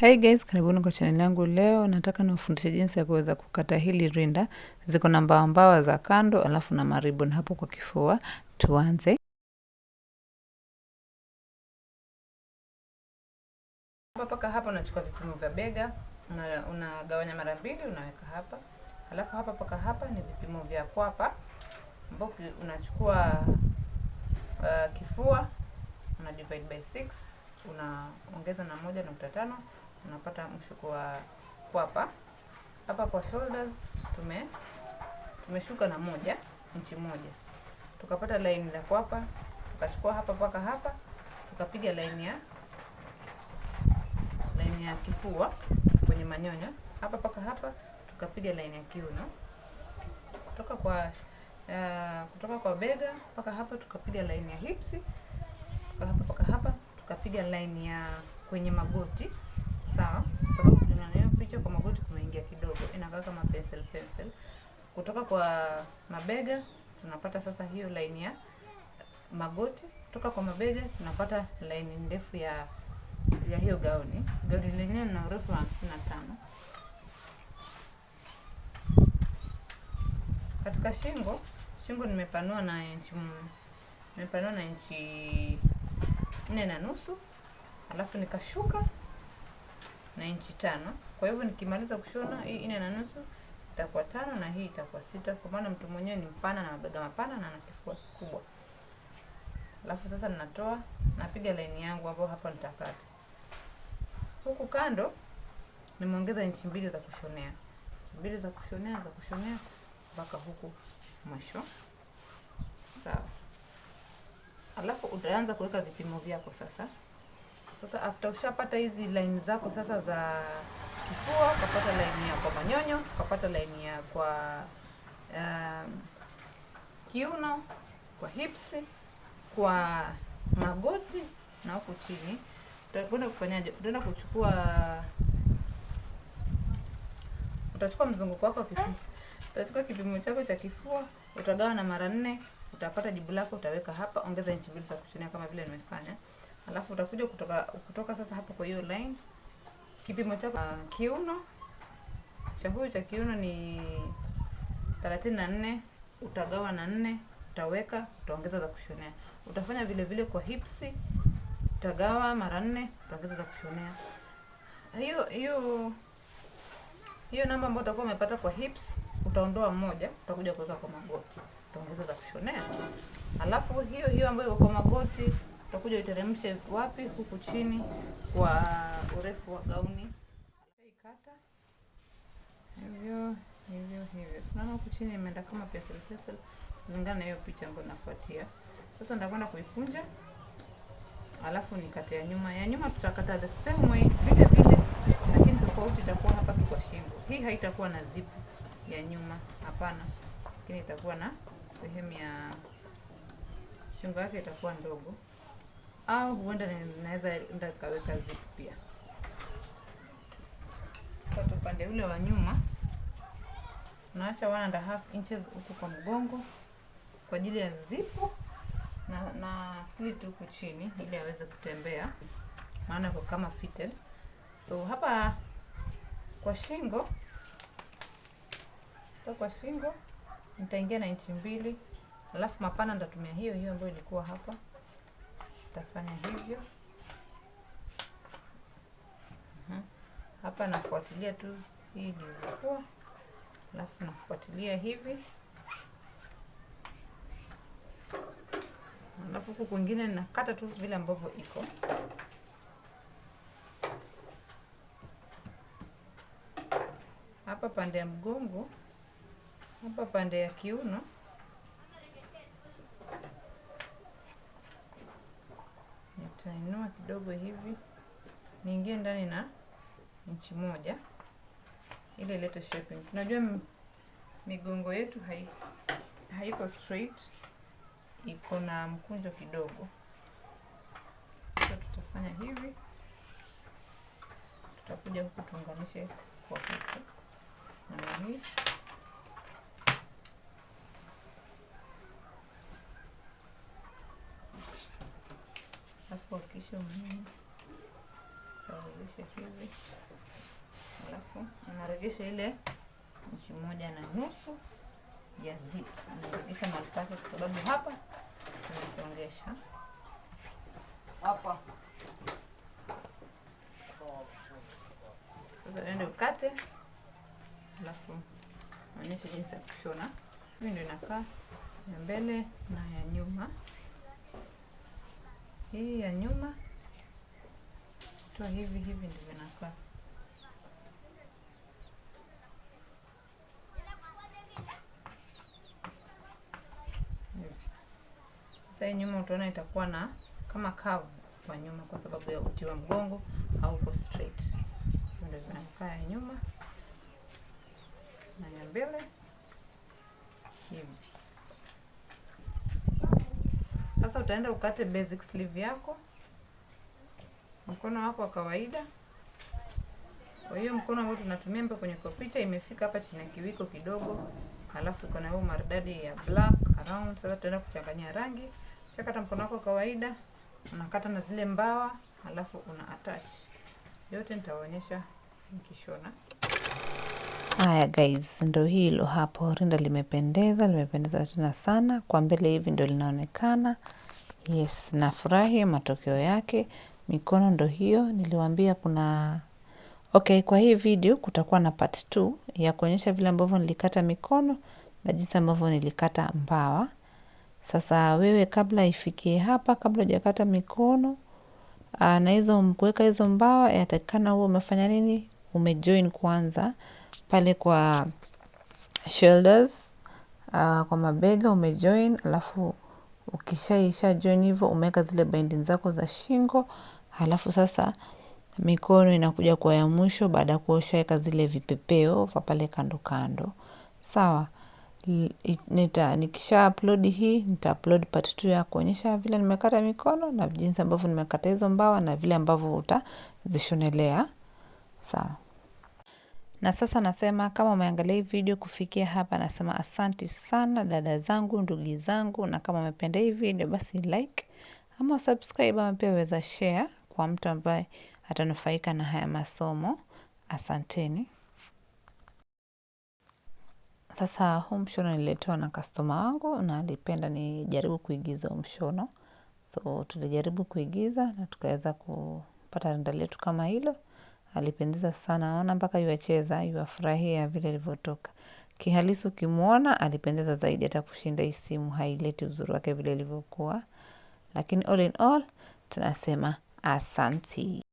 Hey guys, karibuni kwa channel yangu. Leo nataka niwafundishe jinsi ya kuweza kukata hili rinda, ziko na mbawa mbawa za kando alafu na maribon hapo kwa kifua. Tuanze. Hapa paka hapa unachukua vipimo vya bega, unagawanya una mara mbili unaweka hapa. Alafu hapa paka hapa ni vipimo vya kwapa. Mboki unachukua uh, kifua una divide by 6 unaongeza na moja nukta tano unapata mshuko wa kwapa. Hapa kwa shoulders tume tumeshuka na moja inchi moja, tukapata line la kwapa, tukachukua hapa mpaka hapa, tukapiga line ya line ya kifua kwenye manyonyo hapa mpaka hapa, tukapiga line ya kiuno kutoka kwa uh, kutoka kwa bega mpaka hapa, tukapiga line ya hipsi hapa mpaka hapa, tukapiga line ya kwenye magoti tunashangaa kama penseli Kutoka kwa mabega tunapata sasa hiyo laini ya magoti, kutoka kwa mabega tunapata laini ndefu ya ya hiyo gauni. Gauni lenyewe lina urefu wa 55. Katika shingo, shingo nimepanua na inchi nimepanua na inchi nne na nusu, alafu nikashuka na inchi tano. Kwa hivyo nikimaliza kushona hii nne na nusu itakuwa tano na hii itakuwa sita, kwa maana mtu mwenyewe ni mpana na mabega mapana na ana kifua kikubwa. Alafu sasa ninatoa napiga laini yangu hapo hapa nitakata. Huku kando nimeongeza inchi mbili za kushonea, mbili za kushonea za kushonea mpaka huku mwisho, sawa. Alafu utaanza kuweka vipimo vyako sasa. Sasa after ushapata hizi line zako sasa za kifua, ukapata line ya kwa manyonyo, ukapata line ya kwa uh, kiuno, kwa hips, kwa magoti na huku chini, utakwenda kufanyaje? Utaenda kuchukua utachukua mzunguko wako kifu, utachukua kipimo chako cha kifua, utagawa na mara nne, utapata jibu lako, utaweka hapa, ongeza inchi mbili za kuchunia kama vile nimefanya alafu utakuja kutoka, kutoka sasa hapo kwa hiyo line kipimo cha uh, kiuno cha huyu cha kiuno ni 34 utagawa na nne utaweka utaongeza za kushonea. Utafanya vile vile kwa hipsi utagawa mara nne utaongeza za kushonea. Hiyo hiyo hiyo namba ambayo utakuwa umepata kwa hips utaondoa mmoja, utakuja kuweka kwa magoti, utaongeza za kushonea, alafu hiyo hiyo ambayo iko kwa magoti utakuja uteremshe wapi? Huku chini kwa urefu wa gauni, ikata hivyo hivyo hivyo. Tunaona huku chini imeenda kama pesel pesel, kulingana na hiyo picha ambayo nafuatia sasa. Nitakwenda kuikunja alafu nikate ya nyuma. Ya nyuma tutakata the same way vile vile, lakini tofauti itakuwa hapa tu kwa shingo. Hii haitakuwa na zip ya nyuma, hapana, lakini itakuwa na sehemu ya shingo yake itakuwa ndogo au huenda naweza enda kaweka zip pia. Kata upande ule wa nyuma, naacha one and a half inches huku kwa mgongo kwa ajili ya zipu na, na slit huku chini ili aweze kutembea, maana kwa kama fitted. So hapa kwa shingo, kwa shingo nitaingia na inchi mbili, alafu mapana nitatumia hiyo hiyo ambayo ilikuwa hapa Tafanya hivyo mhm. hapa, nafuatilia tu hii ilivyokuwa, alafu nafuatilia hivi, alafu huku kwingine nakata tu vile ambavyo iko hapa, pande ya mgongo hapa, pande ya kiuno nitainua kidogo hivi niingie ndani na inchi moja ili ilete shaping. Tunajua migongo yetu hai, haiko straight, iko na mkunjo kidogo, so tutafanya hivi, tutakuja huku tuunganishe kwa huku namna hii. umeme, sawazishe hivi, alafu unarejesha ile inchi moja na nusu ya zip, unarejesha mahali pake, kwa sababu hapa tunasongesha hapa. Sasa nenda ukate, alafu onyesha jinsi ya kushona. Hii ndio inakaa ya mbele na ya nyuma hii ya nyuma toa hivi hivi, ndio vinakaa Sasa nyuma utaona itakuwa na kama kavu kwa nyuma, kwa sababu ya uti wa mgongo hauko straight, ndio vinakaa ya nyuma. utaenda ukate basic sleeve yako mkono wako wa kawaida. Kwa hiyo mkono ambao tunatumia hapa kwenye kwa picha imefika hapa chini ya kiwiko kidogo, alafu uko na hiyo maridadi ya black around. Sasa tutaenda kuchanganyia rangi, shakata mkono wako wa kawaida, unakata na zile mbawa, alafu una attach yote. Nitaonyesha nikishona. Haya guys, ndo hilo hapo, rinda limependeza, limependeza tena sana. Kwa mbele hivi ndo linaonekana. Yes, nafurahi matokeo yake, mikono ndo hiyo, niliwaambia kuna Ok, kwa hii video kutakuwa na part 2 ya kuonyesha vile ambavyo nilikata mikono na jinsi ambavyo nilikata mbawa. Sasa wewe kabla ifikie hapa, kabla hujakata mikono ah, na hizo kuweka hizo mbawa, yatakana huo umefanya nini? Umejoin kwanza pale kwa shoulders, ah, kwa mabega umejoin alafu Ukishaisha join hivo, umeweka zile binding zako za shingo. Halafu sasa mikono inakuja kuwa ya mwisho baada kuwa ushaeka zile vipepeo vya pale kando kando. Sawa, nita nikisha upload hii, nita upload part 2 ya kuonyesha vile nimekata mikono na jinsi ambavyo nimekata hizo mbawa na vile ambavyo utazishonelea. Sawa. Na sasa nasema kama umeangalia hii video kufikia hapa, nasema asanti sana dada zangu, ndugu zangu, na kama umependa hii video basi like ama subscribe, ama pia weza share kwa mtu ambaye atanufaika na haya masomo. Asanteni. Sasa huu mshono nililetewa na customer wangu na alipenda nijaribu kuigiza huu mshono, so tulijaribu kuigiza na tukaweza kupata rinda letu kama hilo alipendeza sana, ona mpaka yuacheza, yuafurahia vile ilivyotoka. Kihalisi ukimwona alipendeza zaidi hata kushinda hii simu, haileti uzuri wake vile ilivyokuwa, lakini all in all tunasema asanti.